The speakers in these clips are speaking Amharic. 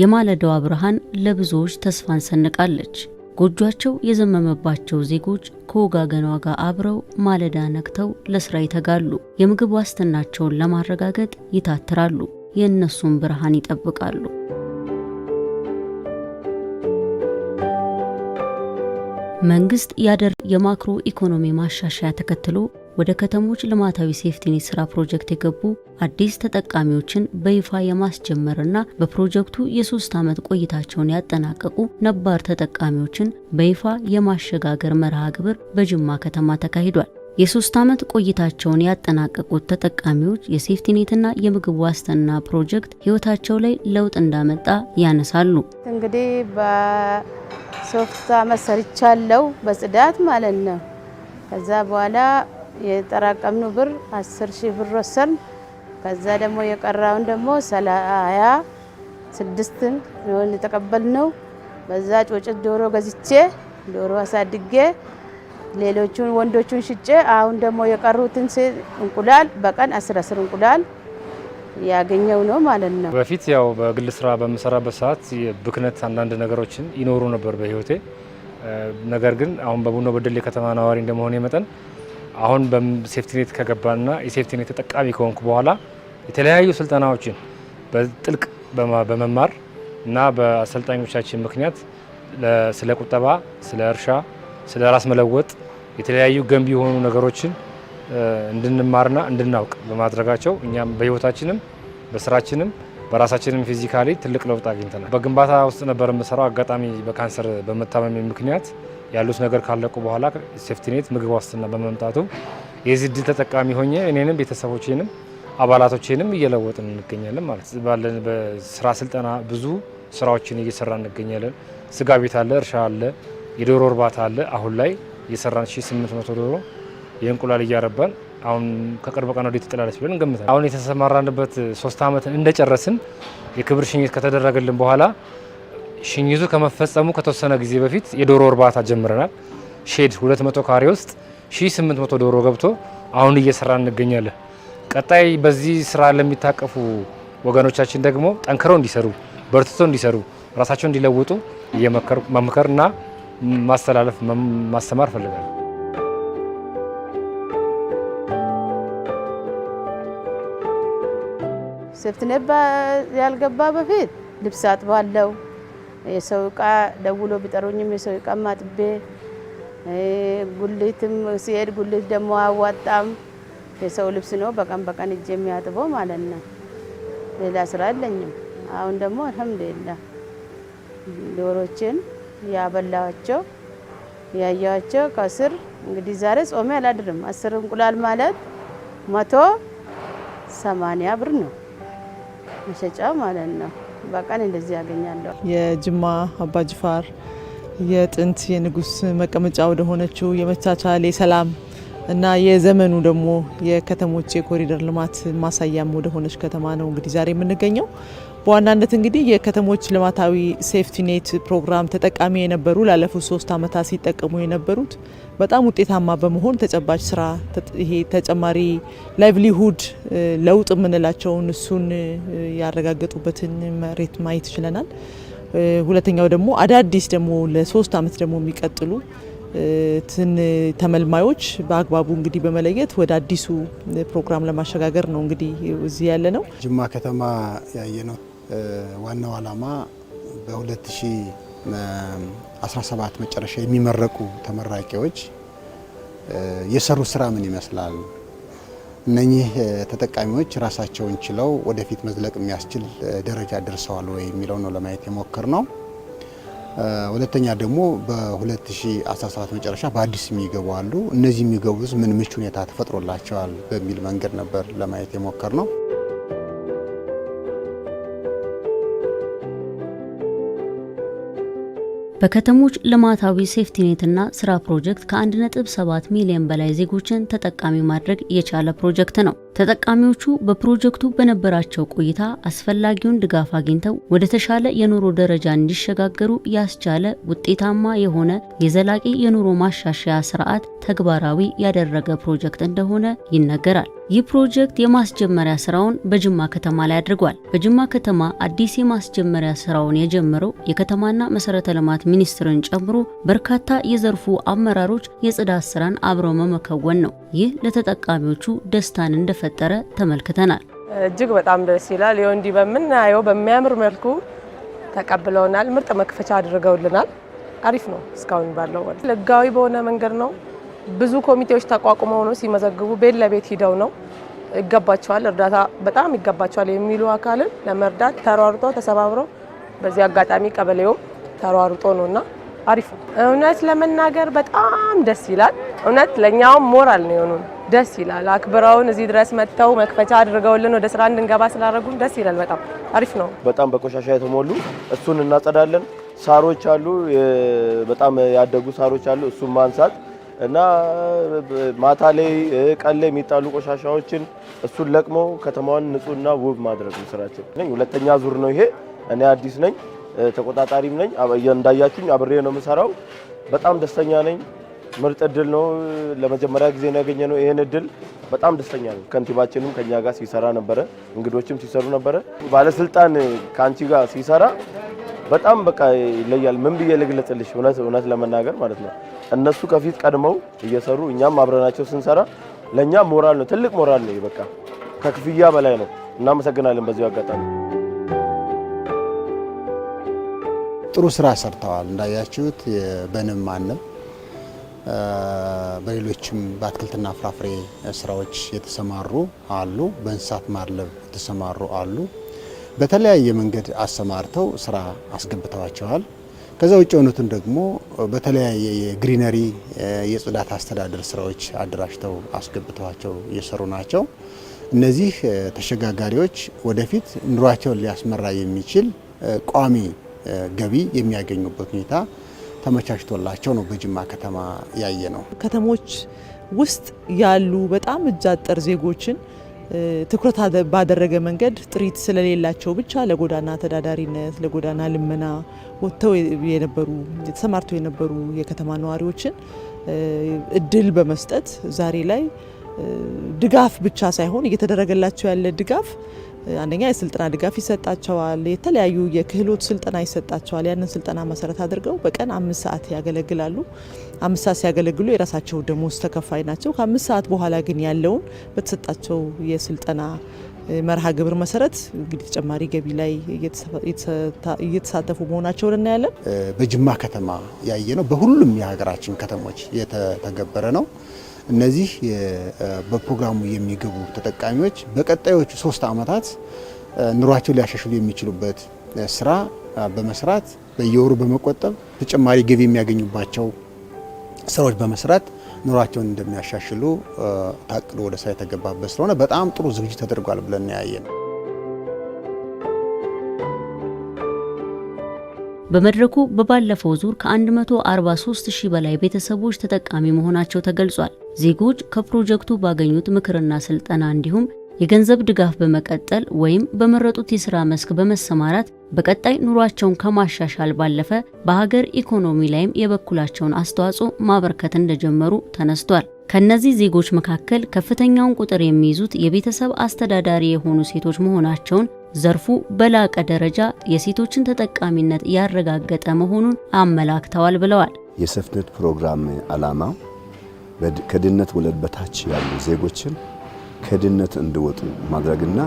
የማለዳዋ ብርሃን ለብዙዎች ተስፋን ሰንቃለች። ጎጇቸው የዘመመባቸው ዜጎች ከወጋገኗ ጋር አብረው ማለዳ ነክተው ለስራ ይተጋሉ። የምግብ ዋስትናቸውን ለማረጋገጥ ይታትራሉ፣ የእነሱን ብርሃን ይጠብቃሉ። መንግስት ያደር የማክሮ ኢኮኖሚ ማሻሻያ ተከትሎ ወደ ከተሞች ልማታዊ ሴፍቲኔት ስራ ፕሮጀክት የገቡ አዲስ ተጠቃሚዎችን በይፋ የማስጀመርና በፕሮጀክቱ የሶስት ዓመት ቆይታቸውን ያጠናቀቁ ነባር ተጠቃሚዎችን በይፋ የማሸጋገር መርሃ ግብር በጅማ ከተማ ተካሂዷል። የሶስት ዓመት ቆይታቸውን ያጠናቀቁት ተጠቃሚዎች የሴፍቲኔትና የምግብ ዋስትና ፕሮጀክት ህይወታቸው ላይ ለውጥ እንዳመጣ ያነሳሉ። እንግዲህ በሶስት ዓመት ሰርቻለሁ በጽዳት ማለት ነው። ከዛ በኋላ የጠራቀምነው ብር አስር ሺህ ብር ወሰን። ከዛ ደግሞ የቀራውን ደግሞ ሀያ ስድስት ሆን የተቀበልነው። በዛ ጮጭት ዶሮ ገዝቼ ዶሮ አሳድጌ ሌሎቹን ወንዶቹን ሽጬ አሁን ደግሞ የቀሩትን እንቁላል በቀን አስር አስር እንቁላል ያገኘው ነው ማለት ነው። በፊት ያው በግል ስራ በምሰራበት ሰዓት ብክነት አንዳንድ ነገሮችን ይኖሩ ነበር በህይወቴ። ነገር ግን አሁን በቡኖ በደሌ ከተማ ነዋሪ እንደመሆኔ መጠን አሁን በሴፍቲኔት ከገባና የሴፍቲኔት ተጠቃሚ ከሆንኩ በኋላ የተለያዩ ስልጠናዎችን በጥልቅ በመማር እና በአሰልጣኞቻችን ምክንያት ስለ ቁጠባ፣ ስለ እርሻ፣ ስለ ራስ መለወጥ የተለያዩ ገንቢ የሆኑ ነገሮችን እንድንማርና እንድናውቅ በማድረጋቸው እኛም በህይወታችንም በስራችንም በራሳችንም ፊዚካሊ ትልቅ ለውጥ አግኝተናል። በግንባታ ውስጥ ነበር የምሰራው። አጋጣሚ በካንሰር በመታመሚ ምክንያት ያሉት ነገር ካለቁ በኋላ ሴፍቲኔት ምግብ ዋስትና በመምጣቱ የዚህ እድል ተጠቃሚ ሆኜ እኔንም ቤተሰቦቼንም አባላቶቼንም እየለወጥን እንገኛለን ማለት ባለን በስራ ስልጠና ብዙ ስራዎችን እየሰራ እንገኛለን። ስጋ ቤት አለ፣ እርሻ አለ፣ የዶሮ እርባታ አለ። አሁን ላይ እየሰራን 800 ዶሮ የእንቁላል እያረባን አሁን ከቅርብ ቀን ወዲህ ትጥላለች ብለን እንገምታለን። አሁን የተሰማራንበት ሶስት ዓመትን እንደጨረስን የክብር ሽኝት ከተደረገልን በኋላ ሽኝቱ ከመፈጸሙ ከተወሰነ ጊዜ በፊት የዶሮ እርባታ ጀምረናል። ሼድ 200 ካሬ ውስጥ 1800 ዶሮ ገብቶ አሁን እየሰራ እንገኛለን። ቀጣይ በዚህ ስራ ለሚታቀፉ ወገኖቻችን ደግሞ ጠንክረው እንዲሰሩ፣ በርትቶ እንዲሰሩ፣ ራሳቸው እንዲለውጡ እና ማስተላለፍ ማስተማር ፈልጋለሁ። ሴፍትኔት ያልገባ በፊት ልብስ አጥባለሁ የሰው እቃ ደውሎ ቢጠሩኝም የሰው እቃም አጥቤ ጉሊትም ሲሄድ ጉሊት ደግሞ አዋጣም የሰው ልብስ ነው በቀን በቀን እጅ የሚያጥበው ማለት ነው። ሌላ ስራ የለኝም። አሁን ደግሞ አልሐምዱሊላ ዶሮችን ያበላቸው ያያቸው ከስር እንግዲህ ዛሬ ጾሜ አላድርም። አስር እንቁላል ማለት መቶ ሰማንያ ብር ነው መሸጫ ማለት ነው። በቀን እንደዚህ ያገኛለሁ። የጅማ አባጅፋር የጥንት የንጉስ መቀመጫ ወደሆነችው የመቻቻል የሰላም እና የዘመኑ ደግሞ የከተሞች የኮሪደር ልማት ማሳያም ወደሆነች ከተማ ነው እንግዲህ ዛሬ የምንገኘው። በዋናነት እንግዲህ የከተሞች ልማታዊ ሴፍቲኔት ፕሮግራም ተጠቃሚ የነበሩ ላለፉት ሶስት ዓመታት ሲጠቀሙ የነበሩት በጣም ውጤታማ በመሆን ተጨባጭ ስራ ይሄ ተጨማሪ ላይቭሊሁድ ለውጥ የምንላቸውን እሱን ያረጋገጡበትን መሬት ማየት ችለናል። ሁለተኛው ደግሞ አዳዲስ ደግሞ ለሶስት ዓመት ደግሞ የሚቀጥሉ ትን ተመልማዮች በአግባቡ እንግዲህ በመለየት ወደ አዲሱ ፕሮግራም ለማሸጋገር ነው እንግዲህ እዚህ ያለ ነው ጅማ ከተማ ያየ ነው። ዋናው ዓላማ በ2017 መጨረሻ የሚመረቁ ተመራቂዎች የሰሩ ስራ ምን ይመስላል፣ እነኚህ ተጠቃሚዎች ራሳቸውን ችለው ወደፊት መዝለቅ የሚያስችል ደረጃ ደርሰዋል ወይ የሚለው ነው ለማየት የሞከር ነው። ሁለተኛ ደግሞ በ2017 መጨረሻ በአዲስ የሚገቡ አሉ። እነዚህ የሚገቡት ምን ምቹ ሁኔታ ተፈጥሮላቸዋል በሚል መንገድ ነበር ለማየት የሞከር ነው። በከተሞች ልማታዊ ሴፍቲኔትና ስራ ፕሮጀክት ከ1.7 ሚሊዮን በላይ ዜጎችን ተጠቃሚ ማድረግ የቻለ ፕሮጀክት ነው። ተጠቃሚዎቹ በፕሮጀክቱ በነበራቸው ቆይታ አስፈላጊውን ድጋፍ አግኝተው ወደ ተሻለ የኑሮ ደረጃ እንዲሸጋገሩ ያስቻለ ውጤታማ የሆነ የዘላቂ የኑሮ ማሻሻያ ስርዓት ተግባራዊ ያደረገ ፕሮጀክት እንደሆነ ይነገራል። ይህ ፕሮጀክት የማስጀመሪያ ስራውን በጅማ ከተማ ላይ አድርጓል። በጅማ ከተማ አዲስ የማስጀመሪያ ስራውን የጀመረው የከተማና መሰረተ ልማት ሚኒስትርን ጨምሮ በርካታ የዘርፉ አመራሮች የጽዳት ስራን አብረው መመከወን ነው። ይህ ለተጠቃሚዎቹ ደስታን እንደፈጠረ ተመልክተናል። እጅግ በጣም ደስ ይላል። ይኸው እንዲህ በምናየው በሚያምር መልኩ ተቀብለውናል። ምርጥ መክፈቻ አድርገውልናል። አሪፍ ነው። እስካሁን ባለው ማለት ህጋዊ በሆነ መንገድ ነው። ብዙ ኮሚቴዎች ተቋቁመው ነው ሲመዘግቡ፣ ቤት ለቤት ሂደው ነው ይገባቸዋል፣ እርዳታ በጣም ይገባቸዋል የሚሉ አካልን ለመርዳት ተሯርጦ ተሰባብረው፣ በዚህ አጋጣሚ ቀበሌውም ተሯርጦ ነውና አሪፍ ነው። እውነት ለመናገር በጣም ደስ ይላል። እውነት ለእኛውም ሞራል ነው የሆኑን። ደስ ይላል። አክብረውን እዚህ ድረስ መጥተው መክፈቻ አድርገውልን ወደ ስራ እንድንገባ ስላደረጉን ደስ ይላል። በጣም አሪፍ ነው። በጣም በቆሻሻ የተሞሉ እሱን እናጸዳለን። ሳሮች አሉ፣ በጣም ያደጉ ሳሮች አሉ። እሱን ማንሳት እና ማታ ላይ ቀን ላይ የሚጣሉ ቆሻሻዎችን እሱን ለቅሞ ከተማዋን ንጹህና ውብ ማድረግ ስራችን። ሁለተኛ ዙር ነው ይሄ። እኔ አዲስ ነኝ። ተቆጣጣሪም ነኝ። እንዳያችሁኝ አብሬ ነው የምሰራው። በጣም ደስተኛ ነኝ። ምርጥ እድል ነው። ለመጀመሪያ ጊዜ ነው ያገኘ ነው ይህን እድል። በጣም ደስተኛ ነኝ። ከንቲባችንም ከኛ ጋር ሲሰራ ነበረ፣ እንግዶችም ሲሰሩ ነበረ። ባለስልጣን ከአንቺ ጋር ሲሰራ በጣም በቃ ይለያል። ምን ብዬ ልግለጽልሽ? እውነት እውነት ለመናገር ማለት ነው እነሱ ከፊት ቀድመው እየሰሩ እኛም አብረናቸው ስንሰራ ለእኛ ሞራል ነው፣ ትልቅ ሞራል ነው። በቃ ከክፍያ በላይ ነው። እናመሰግናለን በዚሁ አጋጣሚ ጥሩ ስራ ሰርተዋል። እንዳያችሁት በንም ማነብ፣ በሌሎችም በአትክልትና ፍራፍሬ ስራዎች የተሰማሩ አሉ። በእንስሳት ማድለብ የተሰማሩ አሉ። በተለያየ መንገድ አሰማርተው ስራ አስገብተዋቸዋል። ከዛ ውጭ የሆኑትን ደግሞ በተለያየ የግሪነሪ የጽዳት አስተዳደር ስራዎች አደራጅተው አስገብተዋቸው እየሰሩ ናቸው። እነዚህ ተሸጋጋሪዎች ወደፊት ኑሯቸውን ሊያስመራ የሚችል ቋሚ ገቢ የሚያገኙበት ሁኔታ ተመቻችቶላቸው ነው በጅማ ከተማ ያየ ነው። ከተሞች ውስጥ ያሉ በጣም እጅ አጠር ዜጎችን ትኩረት ባደረገ መንገድ ጥሪት ስለሌላቸው ብቻ ለጎዳና ተዳዳሪነት፣ ለጎዳና ልመና ወጥተው የነበሩ ተሰማርተው የነበሩ የከተማ ነዋሪዎችን እድል በመስጠት ዛሬ ላይ ድጋፍ ብቻ ሳይሆን እየተደረገላቸው ያለ ድጋፍ አንደኛ የስልጠና ድጋፍ ይሰጣቸዋል። የተለያዩ የክህሎት ስልጠና ይሰጣቸዋል። ያንን ስልጠና መሰረት አድርገው በቀን አምስት ሰዓት ያገለግላሉ። አምስት ሰዓት ሲያገለግሉ የራሳቸው ደሞዝ ተከፋይ ናቸው። ከአምስት ሰዓት በኋላ ግን ያለውን በተሰጣቸው የስልጠና መርሃ ግብር መሰረት እንግዲህ ተጨማሪ ገቢ ላይ እየተሳተፉ መሆናቸውን እናያለን። በጅማ ከተማ ያየ ነው። በሁሉም የሀገራችን ከተሞች የተተገበረ ነው። እነዚህ በፕሮግራሙ የሚገቡ ተጠቃሚዎች በቀጣዮቹ ሶስት ዓመታት ኑሯቸውን ሊያሻሽሉ የሚችሉበት ስራ በመስራት በየወሩ በመቆጠብ ተጨማሪ ገቢ የሚያገኙባቸው ስራዎች በመስራት ኑሯቸውን እንደሚያሻሽሉ ታቅዶ ወደ ስራ የተገባበት ስለሆነ በጣም ጥሩ ዝግጅት ተደርጓል ብለን ያየ ነው። በመድረኩ በባለፈው ዙር ከ143 ሺህ በላይ ቤተሰቦች ተጠቃሚ መሆናቸው ተገልጿል። ዜጎች ከፕሮጀክቱ ባገኙት ምክርና ስልጠና እንዲሁም የገንዘብ ድጋፍ በመቀጠል ወይም በመረጡት የሥራ መስክ በመሰማራት በቀጣይ ኑሯቸውን ከማሻሻል ባለፈ በሀገር ኢኮኖሚ ላይም የበኩላቸውን አስተዋጽኦ ማበርከት እንደጀመሩ ተነስቷል። ከእነዚህ ዜጎች መካከል ከፍተኛውን ቁጥር የሚይዙት የቤተሰብ አስተዳዳሪ የሆኑ ሴቶች መሆናቸውን ዘርፉ በላቀ ደረጃ የሴቶችን ተጠቃሚነት ያረጋገጠ መሆኑን አመላክተዋል ብለዋል። የሰፍነት ፕሮግራም ዓላማው ከድህነት ወለል በታች ያሉ ዜጎችን ከድህነት እንዲወጡ ማድረግና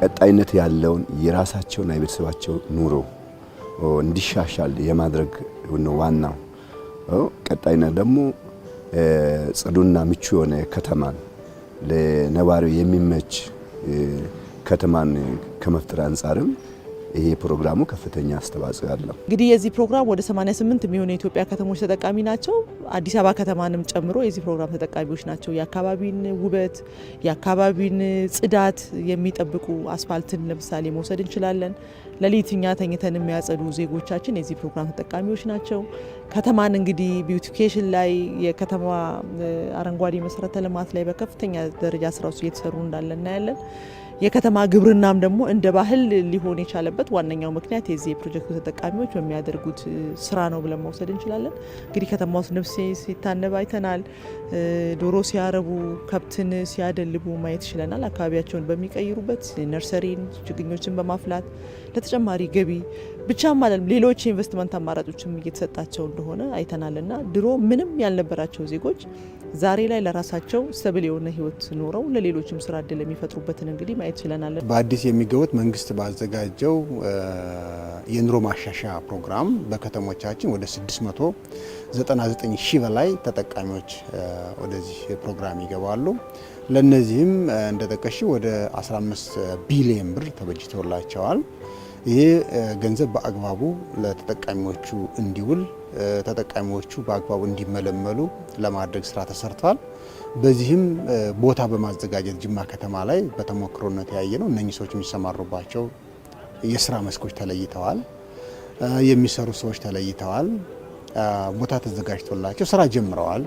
ቀጣይነት ያለውን የራሳቸውና የቤተሰባቸው ኑሮ እንዲሻሻል የማድረግ ዋናው። ቀጣይነት ደግሞ ጽዱና ምቹ የሆነ ከተማን ለነዋሪው የሚመች ከተማን ከመፍጠር አንጻርም ይሄ ፕሮግራሙ ከፍተኛ አስተዋጽኦ ያለው እንግዲህ የዚህ ፕሮግራም ወደ 88 የሚሆኑ የኢትዮጵያ ከተሞች ተጠቃሚ ናቸው። አዲስ አበባ ከተማንም ጨምሮ የዚህ ፕሮግራም ተጠቃሚዎች ናቸው። የአካባቢን ውበት፣ የአካባቢን ጽዳት የሚጠብቁ አስፋልትን ለምሳሌ መውሰድ እንችላለን። ሌሊት እኛ ተኝተን የሚያጸዱ ዜጎቻችን የዚህ ፕሮግራም ተጠቃሚዎች ናቸው። ከተማን እንግዲህ ቢዩቲፊኬሽን ላይ የከተማ አረንጓዴ መሰረተ ልማት ላይ በከፍተኛ ደረጃ ውስጥ እየተሰሩ እንዳለ እናያለን። የከተማ ግብርናም ደግሞ እንደ ባህል ሊሆን የቻለበት ዋነኛው ምክንያት የዚህ የፕሮጀክቱ ተጠቃሚዎች በሚያደርጉት ስራ ነው ብለን መውሰድ እንችላለን። እንግዲህ ከተማ ውስጥ ንብ ሲታነብ አይተናል። ዶሮ ሲያረቡ፣ ከብትን ሲያደልቡ ማየት ይችለናል። አካባቢያቸውን በሚቀይሩበት ነርሰሪን፣ ችግኞችን በማፍላት ለተጨማሪ ገቢ ብቻም አለም ሌሎች የኢንቨስትመንት አማራጮችም እየተሰጣቸው እንደሆነ አይተናል እና ድሮ ምንም ያልነበራቸው ዜጎች ዛሬ ላይ ለራሳቸው ሰብል የሆነ ህይወት ኖረው ለሌሎችም ስራ እድል የሚፈጥሩበትን እንግዲህ ማየት ችለናለን። በአዲስ የሚገቡት መንግስት ባዘጋጀው የኑሮ ማሻሻያ ፕሮግራም በከተሞቻችን ወደ 699 ሺህ በላይ ተጠቃሚዎች ወደዚህ ፕሮግራም ይገባሉ። ለእነዚህም እንደጠቀሽ ወደ 15 ቢሊየን ብር ተበጅቶላቸዋል። ይህ ገንዘብ በአግባቡ ለተጠቃሚዎቹ እንዲውል ተጠቃሚዎቹ በአግባቡ እንዲመለመሉ ለማድረግ ስራ ተሰርቷል። በዚህም ቦታ በማዘጋጀት ጅማ ከተማ ላይ በተሞክሮነት ያየ ነው። እነኚህ ሰዎች የሚሰማሩባቸው የስራ መስኮች ተለይተዋል። የሚሰሩ ሰዎች ተለይተዋል። ቦታ ተዘጋጅቶላቸው ስራ ጀምረዋል።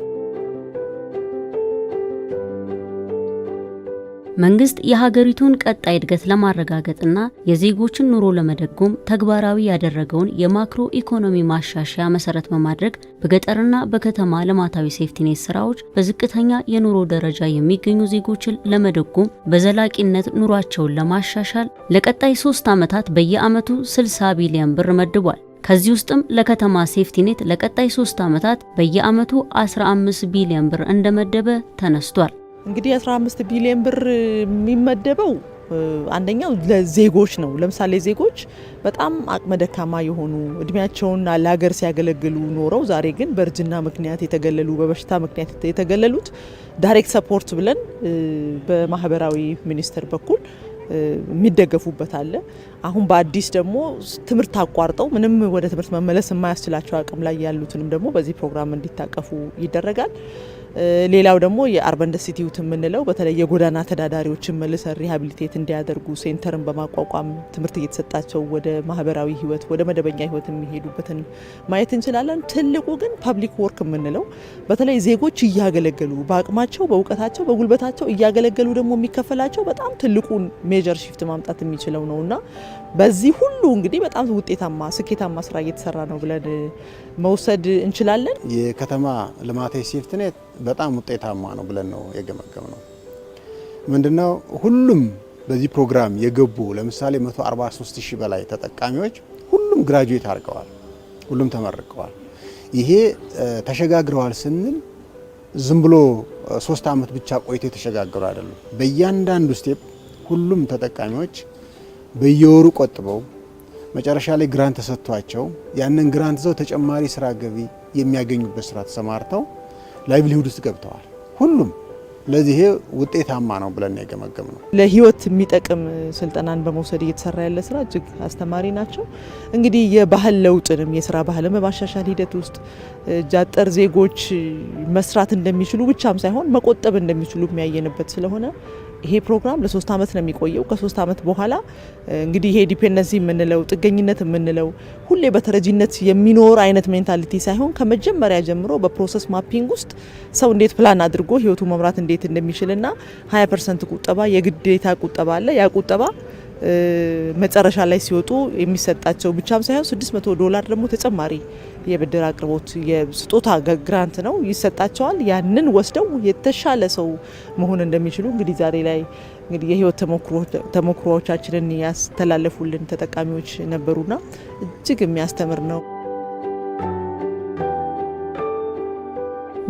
መንግስት የሀገሪቱን ቀጣይ እድገት ለማረጋገጥና የዜጎችን ኑሮ ለመደጎም ተግባራዊ ያደረገውን የማክሮ ኢኮኖሚ ማሻሻያ መሰረት በማድረግ በገጠርና በከተማ ልማታዊ ሴፍቲኔት ስራዎች በዝቅተኛ የኑሮ ደረጃ የሚገኙ ዜጎችን ለመደጎም በዘላቂነት ኑሯቸውን ለማሻሻል ለቀጣይ ሶስት ዓመታት በየዓመቱ 60 ቢሊዮን ብር መድቧል። ከዚህ ውስጥም ለከተማ ሴፍቲኔት ለቀጣይ ሶስት ዓመታት በየዓመቱ 15 ቢሊዮን ብር እንደመደበ ተነስቷል። እንግዲህ 15 ቢሊዮን ብር የሚመደበው አንደኛው ለዜጎች ነው። ለምሳሌ ዜጎች በጣም አቅመ ደካማ የሆኑ እድሜያቸውን ለሀገር ሲያገለግሉ ኖረው ዛሬ ግን በእርጅና ምክንያት የተገለሉ በበሽታ ምክንያት የተገለሉት ዳይሬክት ሰፖርት ብለን በማህበራዊ ሚኒስቴር በኩል የሚደገፉበት አለ። አሁን በአዲስ ደግሞ ትምህርት አቋርጠው ምንም ወደ ትምህርት መመለስ የማያስችላቸው አቅም ላይ ያሉትንም ደግሞ በዚህ ፕሮግራም እንዲታቀፉ ይደረጋል። ሌላው ደግሞ የአርበን ሲቲዩት የምንለው በተለይ የጎዳና ተዳዳሪዎችን መልሰን ሪሃቢሊቴት እንዲያደርጉ ሴንተርን በማቋቋም ትምህርት እየተሰጣቸው ወደ ማህበራዊ ህይወት ወደ መደበኛ ህይወት የሚሄዱበትን ማየት እንችላለን። ትልቁ ግን ፐብሊክ ወርክ የምንለው በተለይ ዜጎች እያገለገሉ በአቅማቸው፣ በእውቀታቸው፣ በጉልበታቸው እያገለገሉ ደግሞ የሚከፈላቸው በጣም ትልቁን ሜጀር ሺፍት ማምጣት የሚችለው ነው እና በዚህ ሁሉ እንግዲህ በጣም ውጤታማ ስኬታማ ስራ እየተሰራ ነው ብለን መውሰድ እንችላለን። የከተማ ልማት ሴፍትኔት በጣም ውጤታማ ነው ብለን ነው የገመገም ነው። ምንድነው ሁሉም በዚህ ፕሮግራም የገቡ ለምሳሌ 143 ሺህ በላይ ተጠቃሚዎች ሁሉም ግራጁዌት አድርገዋል፣ ሁሉም ተመርቀዋል። ይሄ ተሸጋግረዋል ስንል ዝም ብሎ ሶስት ዓመት ብቻ ቆይቶ የተሸጋገሩ አይደሉም። በእያንዳንዱ ስቴፕ ሁሉም ተጠቃሚዎች በየወሩ ቆጥበው መጨረሻ ላይ ግራንት ተሰጥቷቸው ያንን ግራንት ዘው ተጨማሪ ስራ ገቢ የሚያገኙበት ስራ ተሰማርተው ላይቭሊሁድ ውስጥ ገብተዋል ሁሉም። ለዚህ ይሄ ውጤታማ ነው ብለን የገመገም ነው። ለህይወት የሚጠቅም ስልጠናን በመውሰድ እየተሰራ ያለ ስራ እጅግ አስተማሪ ናቸው። እንግዲህ የባህል ለውጥንም የስራ ባህልን በማሻሻል ሂደት ውስጥ እጃጠር ዜጎች መስራት እንደሚችሉ ብቻም ሳይሆን መቆጠብ እንደሚችሉ የሚያየንበት ስለሆነ ይሄ ፕሮግራም ለሶስት ዓመት ነው የሚቆየው። ከሶስት ዓመት በኋላ እንግዲህ ይሄ ዲፔንደንሲ የምንለው ጥገኝነት የምንለው ሁሌ በተረጂነት የሚኖር አይነት ሜንታሊቲ ሳይሆን ከመጀመሪያ ጀምሮ በፕሮሰስ ማፒንግ ውስጥ ሰው እንዴት ፕላን አድርጎ ህይወቱ መምራት እንዴት እንደሚችልና ሀያ ፐርሰንት ቁጠባ የግዴታ ቁጠባ አለ ያ ቁጠባ መጨረሻ ላይ ሲወጡ የሚሰጣቸው ብቻም ሳይሆን 600 ዶላር ደግሞ ተጨማሪ የብድር አቅርቦት የስጦታ ግራንት ነው ይሰጣቸዋል። ያንን ወስደው የተሻለ ሰው መሆን እንደሚችሉ እንግዲህ ዛሬ ላይ እንግዲህ የህይወት ተሞክሮዎቻችንን ያስተላለፉልን ተጠቃሚዎች ነበሩና እጅግ የሚያስተምር ነው።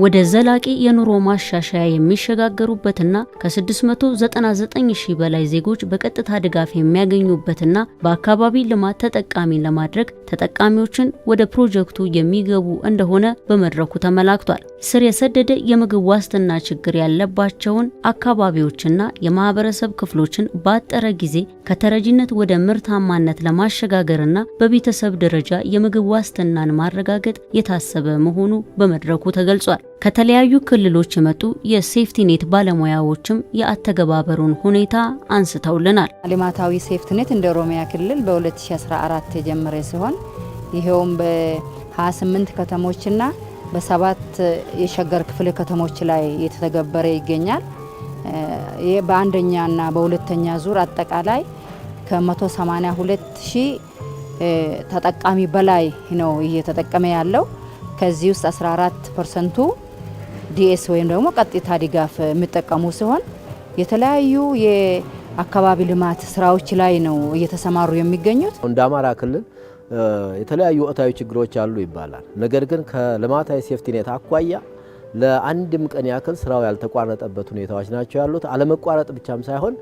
ወደ ዘላቂ የኑሮ ማሻሻያ የሚሸጋገሩበትና ከ699 ሺህ በላይ ዜጎች በቀጥታ ድጋፍ የሚያገኙበትና በአካባቢ ልማት ተጠቃሚ ለማድረግ ተጠቃሚዎችን ወደ ፕሮጀክቱ የሚገቡ እንደሆነ በመድረኩ ተመላክቷል። ስር የሰደደ የምግብ ዋስትና ችግር ያለባቸውን አካባቢዎችና የማህበረሰብ ክፍሎችን ባጠረ ጊዜ ከተረጂነት ወደ ምርታማነት ለማሸጋገርና በቤተሰብ ደረጃ የምግብ ዋስትናን ማረጋገጥ የታሰበ መሆኑ በመድረኩ ተገልጿል። ከተለያዩ ክልሎች የመጡ ኔት ባለሙያዎችም የአተገባበሩን ሁኔታ አንስተውልናል። ልማታዊ ኔት እንደ ኦሮሚያ ክልል በ2014 የጀመረ ሲሆን ይኸውም በ28 ከተሞችና በሰባት የሸገር ክፍለ ከተሞች ላይ የተተገበረ ይገኛል። በአንደኛና በሁለተኛ ዙር አጠቃላይ ከ182 ሺህ ተጠቃሚ በላይ ነው እየተጠቀመ ያለው። ከዚህ ውስጥ 14 ፐርሰንቱ ዲኤስ ወይም ደግሞ ቀጥታ ድጋፍ የሚጠቀሙ ሲሆን የተለያዩ የአካባቢ ልማት ስራዎች ላይ ነው እየተሰማሩ የሚገኙት። እንደ አማራ ክልል የተለያዩ ወቅታዊ ችግሮች አሉ ይባላል። ነገር ግን ከልማታዊ ሴፍቲኔት አኳያ ለአንድም ቀን ያክል ስራው ያልተቋረጠበት ሁኔታዎች ናቸው ያሉት። አለመቋረጥ ብቻም ሳይሆን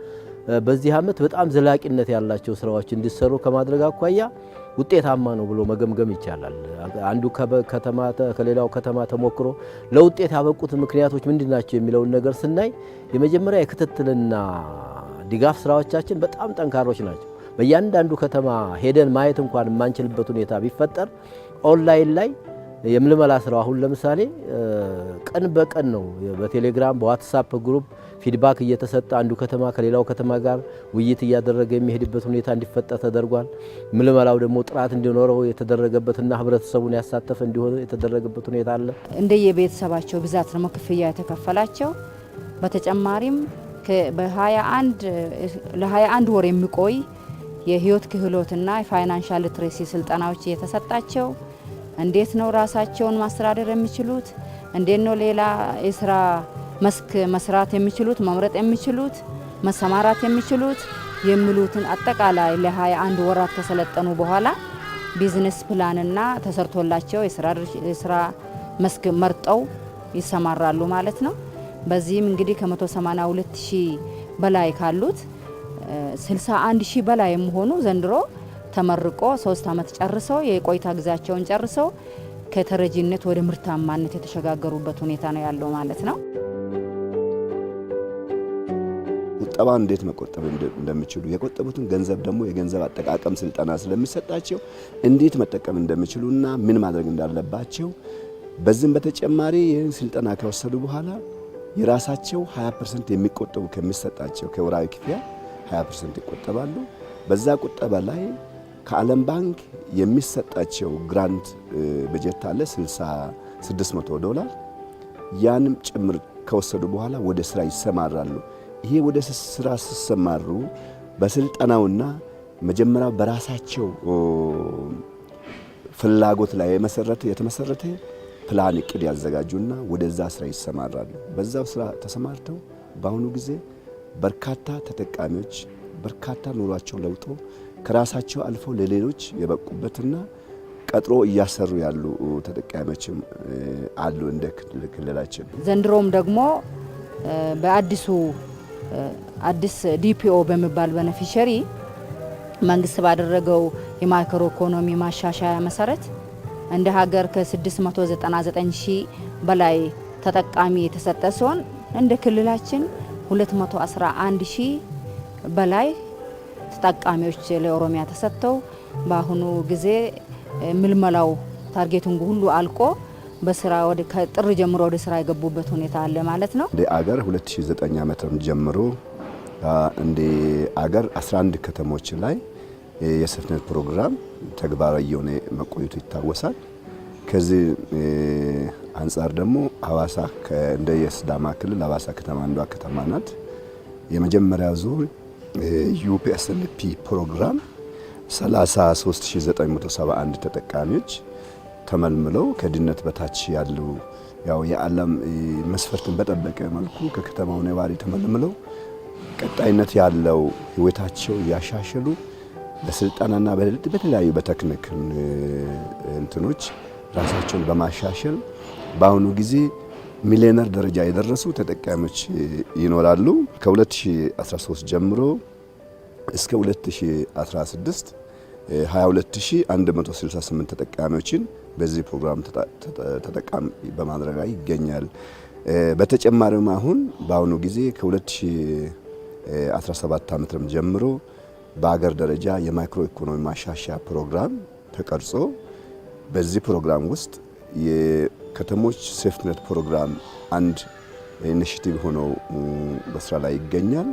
በዚህ ዓመት በጣም ዘላቂነት ያላቸው ስራዎች እንዲሰሩ ከማድረግ አኳያ ውጤታማ ነው ብሎ መገምገም ይቻላል። አንዱ ከተማ ከሌላው ከተማ ተሞክሮ ለውጤት ያበቁት ምክንያቶች ምንድን ናቸው የሚለውን ነገር ስናይ የመጀመሪያ የክትትልና ድጋፍ ስራዎቻችን በጣም ጠንካሮች ናቸው። በእያንዳንዱ ከተማ ሄደን ማየት እንኳን የማንችልበት ሁኔታ ቢፈጠር ኦንላይን ላይ የምልመላ ስራው አሁን ለምሳሌ ቀን በቀን ነው በቴሌግራም በዋትሳፕ ግሩፕ ፊድባክ እየተሰጠ አንዱ ከተማ ከሌላው ከተማ ጋር ውይይት እያደረገ የሚሄድበት ሁኔታ እንዲፈጠር ተደርጓል። ምልመላው ደግሞ ጥራት እንዲኖረው የተደረገበትና ህብረተሰቡን ያሳተፈ እንዲሆን የተደረገበት ሁኔታ አለ። እንደየቤተሰባቸው ብዛት ነው ክፍያ የተከፈላቸው በተጨማሪም ለ21 ወር የሚቆይ የህይወት ክህሎትና የፋይናንሻል ሊትሬሲ ስልጠናዎች እየተሰጣቸው እንዴት ነው ራሳቸውን ማስተዳደር የሚችሉት እንዴት ነው ሌላ የስራ መስክ መስራት የሚችሉት መምረጥ የሚችሉት መሰማራት የሚችሉት የሚሉትን አጠቃላይ ለ21 ወራት ከሰለጠኑ በኋላ ቢዝነስ ፕላንና ተሰርቶላቸው የስራ መስክ መርጠው ይሰማራሉ ማለት ነው። በዚህም እንግዲህ ከ182 ሺህ በላይ ካሉት 61 ሺህ በላይ የሚሆኑ ዘንድሮ ተመርቆ ሶስት ዓመት ጨርሰው የቆይታ ጊዜያቸውን ጨርሰው ከተረጂነት ወደ ምርታማነት የተሸጋገሩበት ሁኔታ ነው ያለው ማለት ነው። ቁጠባ እንዴት መቆጠብ እንደሚችሉ የቆጠቡትን ገንዘብ ደግሞ የገንዘብ አጠቃቀም ስልጠና ስለሚሰጣቸው እንዴት መጠቀም እንደሚችሉና ምን ማድረግ እንዳለባቸው በዚህም በተጨማሪ ይህን ስልጠና ከወሰዱ በኋላ የራሳቸው 20 ፐርሰንት የሚቆጠቡ ከሚሰጣቸው ከወራዊ ክፍያ 20 ፐርሰንት ይቆጠባሉ። በዛ ቁጠባ ላይ ከዓለም ባንክ የሚሰጣቸው ግራንት በጀት አለ 6600 ዶላር ያንም ጭምር ከወሰዱ በኋላ ወደ ስራ ይሰማራሉ። ይሄ ወደ ስራ ሲሰማሩ በስልጠናውና መጀመሪያ በራሳቸው ፍላጎት ላይ የመሰረተ የተመሰረተ ፕላን እቅድ ያዘጋጁና ወደዛ ስራ ይሰማራሉ። በዛው ስራ ተሰማርተው በአሁኑ ጊዜ በርካታ ተጠቃሚዎች በርካታ ኑሯቸው ለውጦ ከራሳቸው አልፈው ለሌሎች የበቁበትና ቀጥሮ እያሰሩ ያሉ ተጠቃሚዎችም አሉ እንደ ክልላችን። ዘንድሮም ደግሞ በአዲሱ አዲስ ዲፒኦ በሚባል በነፊሸሪ መንግስት ባደረገው የማክሮ ኢኮኖሚ ማሻሻያ መሰረት እንደ ሀገር ከ699 ሺህ በላይ ተጠቃሚ የተሰጠ ሲሆን እንደ ክልላችን 211 ሺህ በላይ ተጠቃሚዎች ለኦሮሚያ ተሰጥተው በአሁኑ ጊዜ ምልመላው ታርጌቱን ሁሉ አልቆ በስራ ወደ ከጥር ጀምሮ ወደ ስራ የገቡበት ሁኔታ አለ ማለት ነው። እንደ አገር 2009 ዓመተ ጀምሮ እንደ አገር 11 ከተሞች ላይ የሰፍነት ፕሮግራም ተግባራዊ የሆነ መቆየቱ ይታወሳል። ከዚህ አንጻር ደግሞ ሀዋሳ እንደ የስዳማ ክልል ሀዋሳ ከተማ አንዷ ከተማ ናት። የመጀመሪያ ዙር ዩፒኤስኤልፒ ፕሮግራም 33971 ተጠቃሚዎች ተመልምለው ከድህነት በታች ያሉ ያው የዓለም መስፈርትን በጠበቀ መልኩ ከከተማው ነዋሪ ተመልምለው ቀጣይነት ያለው ህይወታቸው እያሻሸሉ በስልጠናና በተለያዩ በቴክኒክ እንትኖች ራሳቸውን በማሻሸል በአሁኑ ጊዜ ሚሊዮነር ደረጃ የደረሱ ተጠቃሚዎች ይኖራሉ። ከ2013 ጀምሮ እስከ 2016 22168 ተጠቃሚዎችን በዚህ ፕሮግራም ተጠቃሚ በማድረግ ላይ ይገኛል። በተጨማሪም አሁን በአሁኑ ጊዜ ከ2017 ዓ.ም ጀምሮ በአገር ደረጃ የማይክሮ ኢኮኖሚ ማሻሻያ ፕሮግራም ተቀርጾ በዚህ ፕሮግራም ውስጥ የከተሞች ሴፍትነት ፕሮግራም አንድ ኢኒሽቲቭ ሆኖ በስራ ላይ ይገኛል።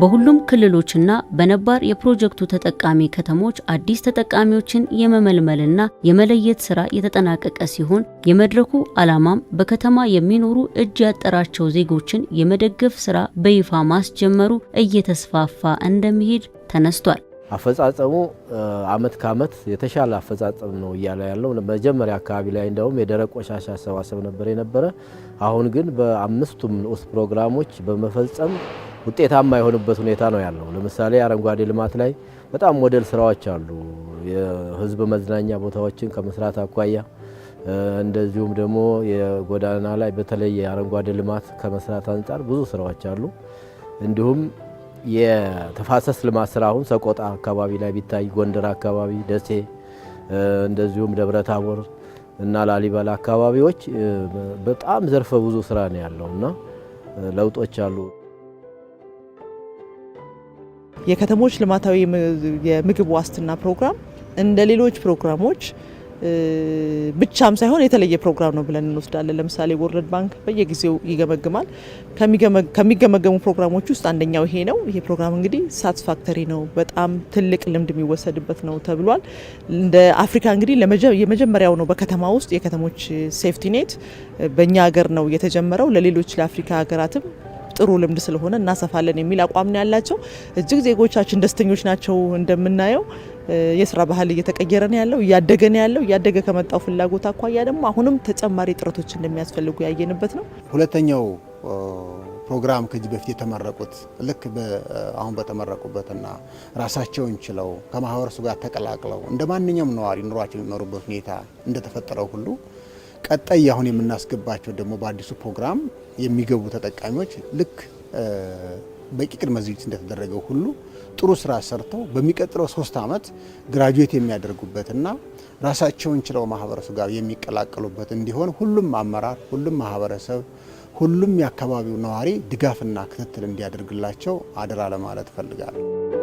በሁሉም ክልሎችና በነባር የፕሮጀክቱ ተጠቃሚ ከተሞች አዲስ ተጠቃሚዎችን የመመልመልና የመለየት ስራ የተጠናቀቀ ሲሆን የመድረኩ ዓላማም በከተማ የሚኖሩ እጅ ያጠራቸው ዜጎችን የመደገፍ ስራ በይፋ ማስጀመሩ እየተስፋፋ እንደሚሄድ ተነስቷል። አፈጻጸሙ አመት ከአመት የተሻለ አፈጻጸም ነው እያለ ያለው መጀመሪያ አካባቢ ላይ እንደውም የደረቅ ቆሻሻ አሰባሰብ ነበር የነበረ። አሁን ግን በአምስቱም ንዑስ ፕሮግራሞች በመፈጸም ውጤታማ የሆኑበት ሁኔታ ነው ያለው። ለምሳሌ አረንጓዴ ልማት ላይ በጣም ሞዴል ስራዎች አሉ። የህዝብ መዝናኛ ቦታዎችን ከመስራት አኳያ እንደዚሁም ደግሞ የጎዳና ላይ በተለይ የአረንጓዴ ልማት ከመስራት አንጻር ብዙ ስራዎች አሉ። እንዲሁም የተፋሰስ ልማት ስራ አሁን ሰቆጣ አካባቢ ላይ ቢታይ፣ ጎንደር አካባቢ፣ ደሴ እንደዚሁም ደብረ ታቦር እና ላሊበላ አካባቢዎች በጣም ዘርፈ ብዙ ስራ ነው ያለው እና ለውጦች አሉ። የከተሞች ልማታዊ የምግብ ዋስትና ፕሮግራም እንደ ሌሎች ፕሮግራሞች ብቻም ሳይሆን የተለየ ፕሮግራም ነው ብለን እንወስዳለን። ለምሳሌ ወርልድ ባንክ በየጊዜው ይገመግማል። ከሚገመገሙ ፕሮግራሞች ውስጥ አንደኛው ይሄ ነው። ይሄ ፕሮግራም እንግዲህ ሳትስፋክተሪ ነው፣ በጣም ትልቅ ልምድ የሚወሰድበት ነው ተብሏል። እንደ አፍሪካ እንግዲህ የመጀመሪያው ነው በከተማ ውስጥ የከተሞች ሴፍቲ ኔት በእኛ ሀገር ነው የተጀመረው። ለሌሎች ለአፍሪካ ሀገራትም ጥሩ ልምድ ስለሆነ እናሰፋለን የሚል አቋም ነው ያላቸው። እጅግ ዜጎቻችን ደስተኞች ናቸው። እንደምናየው የስራ ባህል እየተቀየረ ነው ያለው፣ እያደገ ነው ያለው። እያደገ ከመጣው ፍላጎት አኳያ ደግሞ አሁንም ተጨማሪ ጥረቶች እንደሚያስፈልጉ ያየንበት ነው። ሁለተኛው ፕሮግራም ከዚህ በፊት የተመረቁት ልክ አሁን በተመረቁበትና ራሳቸውን ችለው ከማህበረሰቡ ጋር ተቀላቅለው እንደ ማንኛውም ነዋሪ ኑሯቸው የሚኖሩበት ሁኔታ እንደተፈጠረው ሁሉ ቀጣይ አሁን የምናስገባቸው ደግሞ በአዲሱ ፕሮግራም የሚገቡ ተጠቃሚዎች ልክ በቂ ቅድመ ዝግጅት እንደተደረገው ሁሉ ጥሩ ስራ ሰርተው በሚቀጥለው ሶስት ዓመት ግራጁዌት የሚያደርጉበትና ራሳቸውን ችለው ማህበረሰቡ ጋር የሚቀላቀሉበት እንዲሆን ሁሉም አመራር፣ ሁሉም ማህበረሰብ፣ ሁሉም የአካባቢው ነዋሪ ድጋፍና ክትትል እንዲያደርግላቸው አደራ ለማለት እፈልጋለሁ።